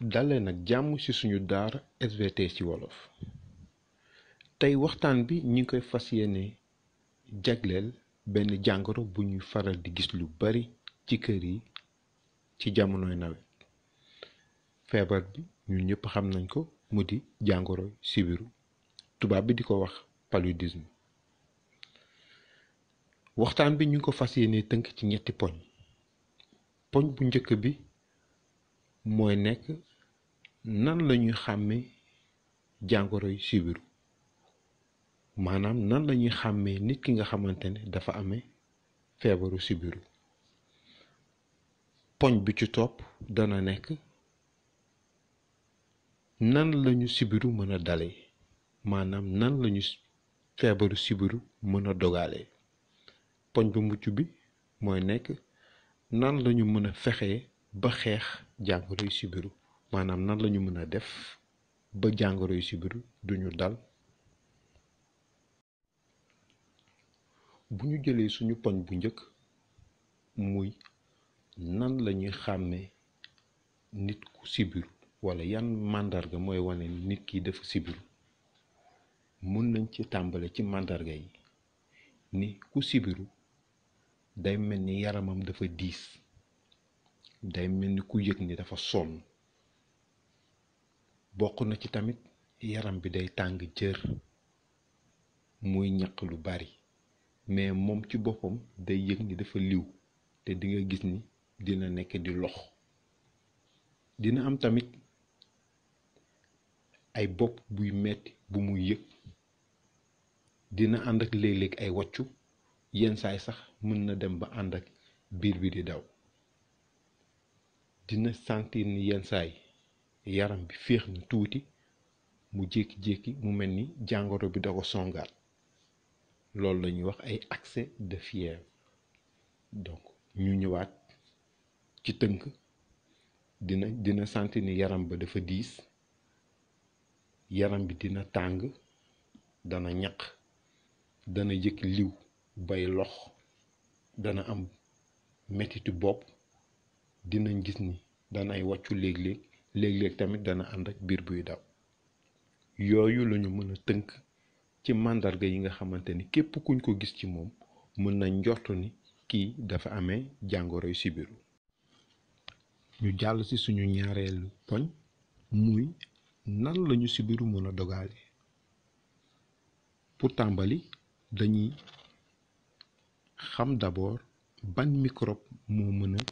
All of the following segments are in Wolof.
dalleen nag jàmm ci suñu daara SVT ci wolof tey waxtaan bi ñu koy fas yéene jagleel benn jàngoro bu ñuy faral di gis lu bari ci kër yi ci jamonoy nawet feebar bi ñun ñëpp xam nañ ko mu di jàngoro sibiru tubaab bi di ko wax palodism waxtaan bi ñu ko fas yéene tënk ci ñetti poñ poñ bu njëkk bi mooy nekk nan la ñuy xàmmee jàngoro yu sibiru maanaam nan la ñuy xàmmee nit ki nga xamante ne dafa ame feebaru sibiru poñ bi ci topp dana nekk nan lañu sibiru mën a dale maanaam nan lañu feebaru sibiru mën a dogale poñ bu mujj bi mooy nekk nan lañu mën a fexee ba xeex jàngoro yu sibiru maanaam nan lañu mën a def ba jàngoro yu sibiru duñu dal bu ñu jëlee suñu poñ bu njëkk muy nan lañuy ñuy xàmmee nit ku sibiru wala yan màndarga mooy wane nit ki dafa sibiru mën nañ ci tàmbale ci màndarga yi ni ku sibiru day mel ni yaramam dafa diis day mel ni ku yëg ni dafa sonn bokk na ci tamit yaram bi day tàng jër muy ñaq lu bari mais moom ci boppam day yëg ni dafa liw te dinga gis ni dina nekk di lox dina am tamit ay bopp buy metti bu muy yëg dina ànd ak léeg-léeg ay waccu yenn saay sax mën na dem ba ànd ak biir bi di daw dina sentir ni yenn saay yaram bi féex na tuuti mu jékki-jékki mu mel ni jàngoro bi da ko songaat loolu lañuy wax ay accès de fièvre donc ñu ñëwaat ci tënk dina dina sentir ni yaram ba dafa diis yaram bi dina tàng dana ñaq dana yëg liw bay lox dana am mettitu bopp dinañ gis ni daan ay wàccu léeg-léeg tamit dana ànd ak biir buy daw yooyu lañu ñu mën a tënk ci màndarga yi nga xamante ni képp kuñ ko gis ci moom mën nañ njort ni kii dafa amee jàngoroy sibiru ñu jàll ci suñu ñaareelu poñ muy nan lañu sibiru mën a dogaale pour tàmbali dañuy xam d'abord ban microbe moo mën a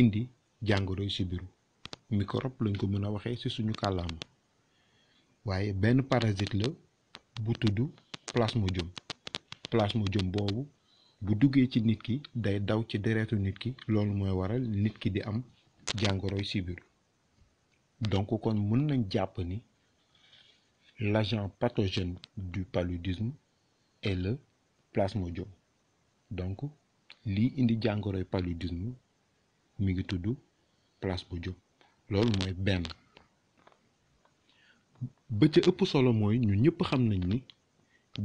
indi jàngoroy si biiru microbe lañ ko mën a waxee ci suñu kàllaama waaye benn parasite la bu tudd plasmodium plasmodium boobu bu duggee ci nit ki day daw ci deretu nit ki loolu mooy waral nit ki di am jàngoroy si biiru donc kon mën nañ jàpp ni l'agent pathogène du paludisme est le plasmodium donc lii indi jàngoroy paludisme mu ngi tudd place bu jub loolu mooy benn ba ca ëpp solo mooy ñu ñëpp xam nañ ni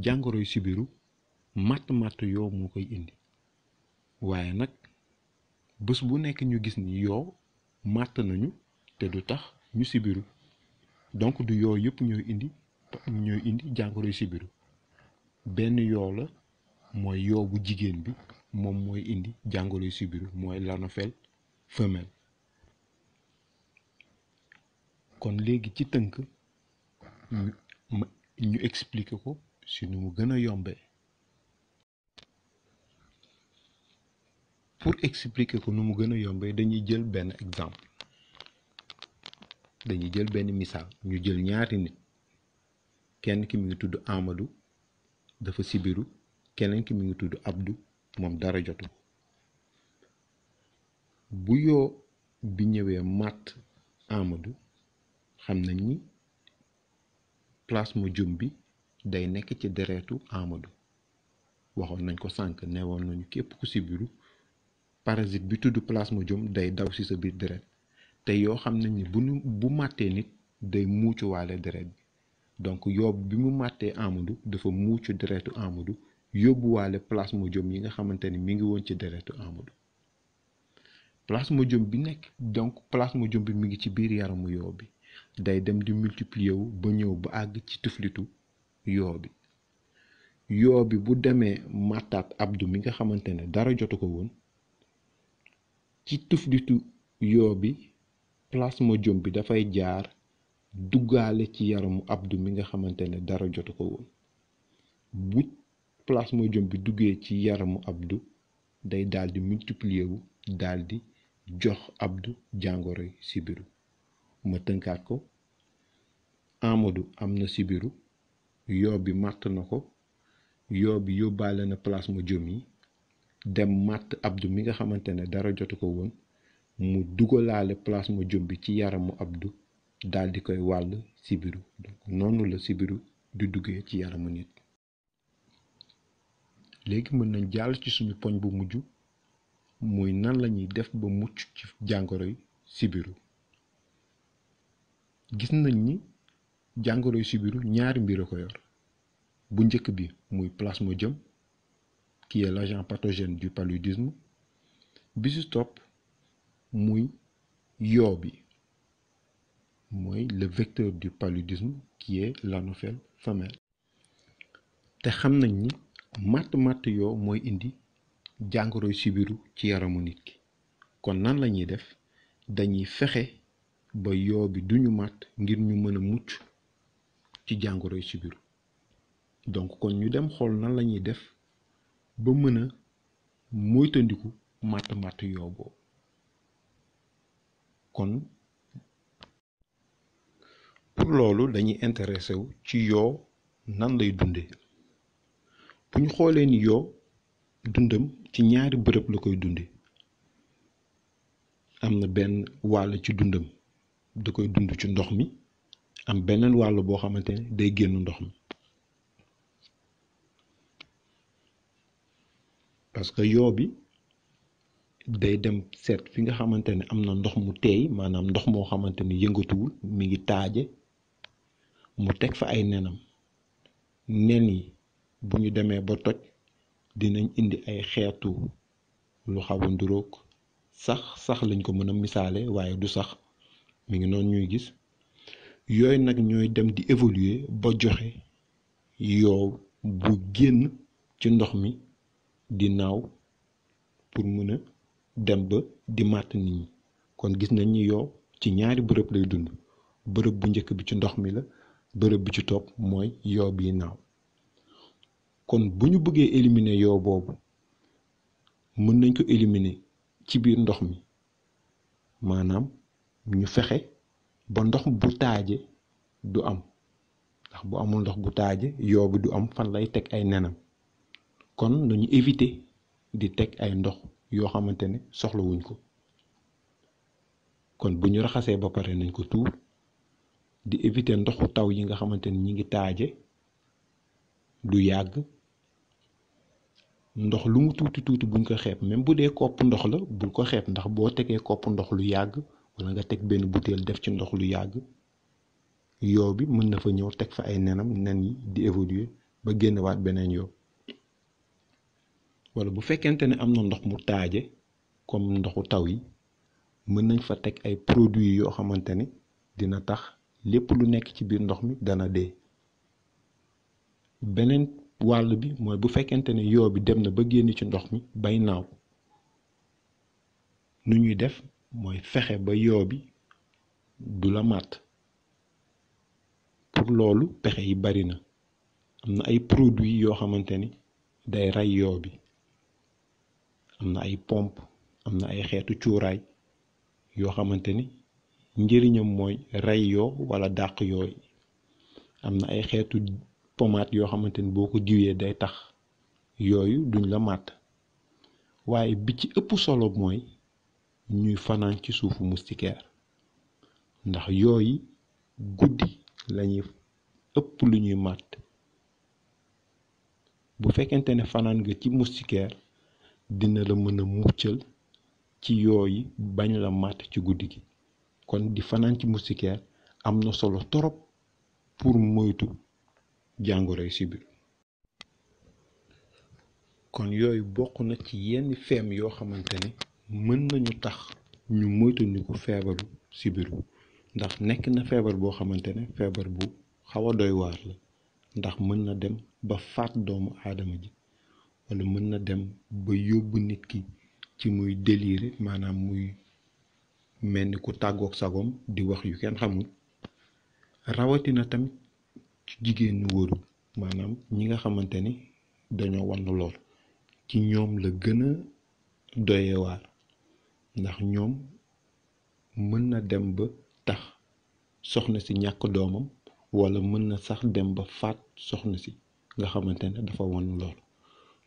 jàngoroy sibiru màtt-màtt yoo moo koy indi waaye nag bés bu nekk ñu gis ni yoo màtt nañu te du tax ñu sibiru donc du yoo yëpp ñooy indi ñooy indi jàngoroy sibiru benn yoo la mooy yoo bu jigéen bi moom mooy indi jàngoroy sibiru mooy lanofel femelle kon léegi ci tënk ñu expliquer ko si nu mu gën a yombee pour ko nu mu gën a yombee dañuy jël benn exemple dañuy jël benn misaal ñu jël ñaari nit kenn ki mi ngi tudd Amadou dafa sibiru keneen ki mi ngi tudd abdu moom dara jotu bu yoo bi ñëwee màtt Amadou xam nañ ni plasmodium bi day nekk ci deretu Amadou waxoon nañ ko sànq newoon nañu képp ku sibiru parasite bi tudd plasmodium day daw si sa biir deret te yoo xam nañ ni bu nu bu màttee nit day muucuwaale deret bi donc yoo bi mu màttee Amadou dafa muucu deretu Amadou yóbbuwaale plasmodium yi nga xamante ni mi ngi woon ci deretu Amadou plasmodium bi nekk donc plasmodium bi mi ngi ci biir yaramu yoo bi day dem di multiplier wu ba ñëw ba àgg ci tuflitu yoo bi yoo bi bu demee màttaat abdu mi nga xamante ne dara jotu ko woon ci tuflitu yoo bi plasmodium bi dafay jaar duggaale ci yaramu abdu mi nga xamante ne dara jotu ko woon bu plasmodium bi duggee ci yaramu abdu day daldi di multiplier wu daal jox abdu jàngoro yi ma tënkaat ko Amadou am na sibiru yoo bi màtt na ko yoo bi yóbbaale na place ma jom yi dem màtt abdu mi nga xamante ne dara jotu ko woon mu dugalaale place ma jom bi ci yaramu abdu dal di koy wàll sibiru noonu la sibiru di duggee ci yaramu nit léegi mën nañ jàll ci suñu poñ bu mujj muy nan lañuy def ba mucc ci jàngoroy sibiru gis nañ ni jàngoroy sibiru ñaari mbir a ko yor bu njëkk bi muy plasmodium qui est l'agent pathogène du paludisme bi si topp muy yoo bi mooy le vecteur du paludisme qui est l'anophèle femelle te xam nañ ni màtt màtt yoo mooy indi jàngoroy sibiru ci yaramu nit ki kon nan lañuy def dañuy fexe ba yoo bi duñu màtt ngir ñu mën a mucc ci jàngoro yi ci donc kon ñu dem xool nan la ñuy def ba mën a moytandiku màtt màtt yoo kon pour loolu dañuy intéressé wu ci yoo nan lay dundee bu ñu xoolee ni yoo dundam ci ñaari bërëb la koy dunde am na benn wàll ci dundam da koy dund ci ndox mi am beneen wàll boo xamante ne day génn ndox mi parce que yoo bi day dem seet fi nga xamante ne am na ndox mu teey maanaam ndox moo xamante ne yëngatuwul mi ngi taaje mu teg fa ay nenam nen yi bu ñu demee ba toj dinañ indi ay xeetu lu xaw a sax sax lañ ko mën a misaale waaye du sax mi ngi noonu ñuy gis yooyu nag ñooy dem di évoluer ba joxe yow bu génn ci ndox mi di naaw pour mun a dem ba di màtt nit ñi kon gis nañ ni yow ci ñaari bërëb lay dund bërëb bu njëkk bi ci ndox mi la bërëb bi ci topp mooy yow bi naaw kon bu ñu bëggee éliminé yow boobu mën nañ ko éliminé ci biir ndox mi maanaam ñu fexe ba ndox bu taaje du am ndax bu amul ndox bu taaje yoo du am fan lay teg ay nenam kon nañu éviter di teg ay ndox yoo xamante ne soxlawuñ ko kon bu ñu raxasee ba pare nañ ko tuur di éviter ndoxu taw yi nga xamante ni ñi ngi taaje du yàgg ndox lu mu tuuti tuuti buñ ko xeeb même bu dee kopp ndox la bul ko xeeb ndax boo tegee kopp ndox lu yàgg wala nga teg benn butéel def ci ndox lu yàgg yoo bi mën na fa ñëw teg fa ay nenam nen yi di évoluer ba génnewaat beneen yoo wala bu fekkente ni am na ndox mu taaje comme ndoxu taw yi mën nañ fa teg ay produits yoo xamante ni dina tax lépp lu nekk ci biir ndox mi dana dee beneen wàll bi mooy bu fekkente ni yoo bi dem na ba génn ci ndox mi bay naaw nu ñuy def mooy fexe ba yoo bi du la màtt pour loolu pexe yi bari na am na ay produit yoo xamante ni day rey yoo bi am na ay pompe am na ay xeetu cuuraay yoo xamante ni njëriñam mooy rey yoo walla dàq yooyu am na ay xeetu pommade yoo xamante ni boo ko diwee day tax yooyu duñ la màtt waaye bi ci ëpp solo mooy ñuy fanaan ci suufu moustiquaire ndax yooyu guddi lañuy ëpp lu ñuy màtt bu fekkente ne fanaan nga ci moustiquaire dina la mën a muccal ci yooyu bañ la màtt ci guddi gi kon di fanaan ci moustiquaire am na solo torop pour moytu jàngoroy sibiru kon yooyu bokk na ci yenn feem yoo xamante ne mën nañu tax ñu moytandiku feebaru sibiru ndax nekk na feebar boo xamante ne feebar bu xaw a doy la ndax mën na dem ba faat doomu aadama ji wala mën na dem ba yóbbu nit ki ci muy délire maanaam muy mel ni ku tàggook sagoom di wax yu kenn xamul rawatina tamit ci jigéen ñu maanaam ñi nga xamante ni dañoo wann lool ci ñoom la gën a doyewaar ndax ñoom mën na dem ba tax soxna si ñàkk doomam wala mën na sax dem ba faat soxna si nga xamante ne dafa won lool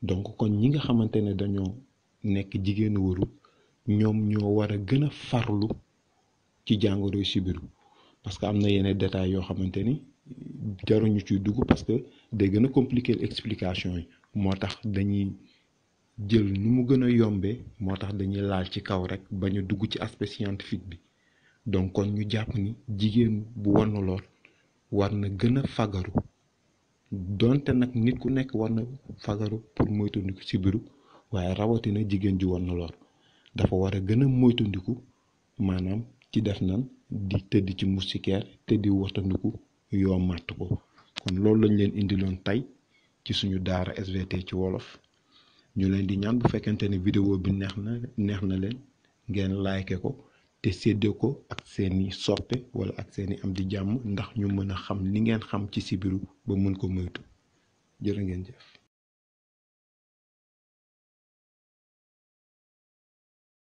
donc kon ñi nga xamante ne dañoo nekk jigéenu waru ñoom ñoo war a gën a farlu ci jàngoroy sibiru parce que am na yeneen détails yoo xamante ni jaruñu ciy dugg parce que day gën a compliquer explication yi moo tax dañuy jël nu mu gën a yombee moo tax dañuy laal ci kaw rek ba ñu dugg ci aspect scientifique bi donc kon ñu jàpp ni jigéen bu wannu lool war na gën a fagaru donte nag nit ku nekk war na fagaru pour moytandiku sibiru waaye rawatina jigéen ju wannu lool dafa war a gën a moytandiku maanaam ci def nan di tëdd ci moustiquaire te di watandiku yoo màtt ko kon loolu lañ leen indiloon tey ci suñu daara SVT ci wolof ñu leen di ñaan bu fekkente ne vidéo bi neex na neex na leen ngeen like ko te séddee ko ak seeni soppe wala ak seeni am di jàmm ndax ñu mën a xam li ngeen xam ci sibiru ba mën ko moytu jërë ngeen jëf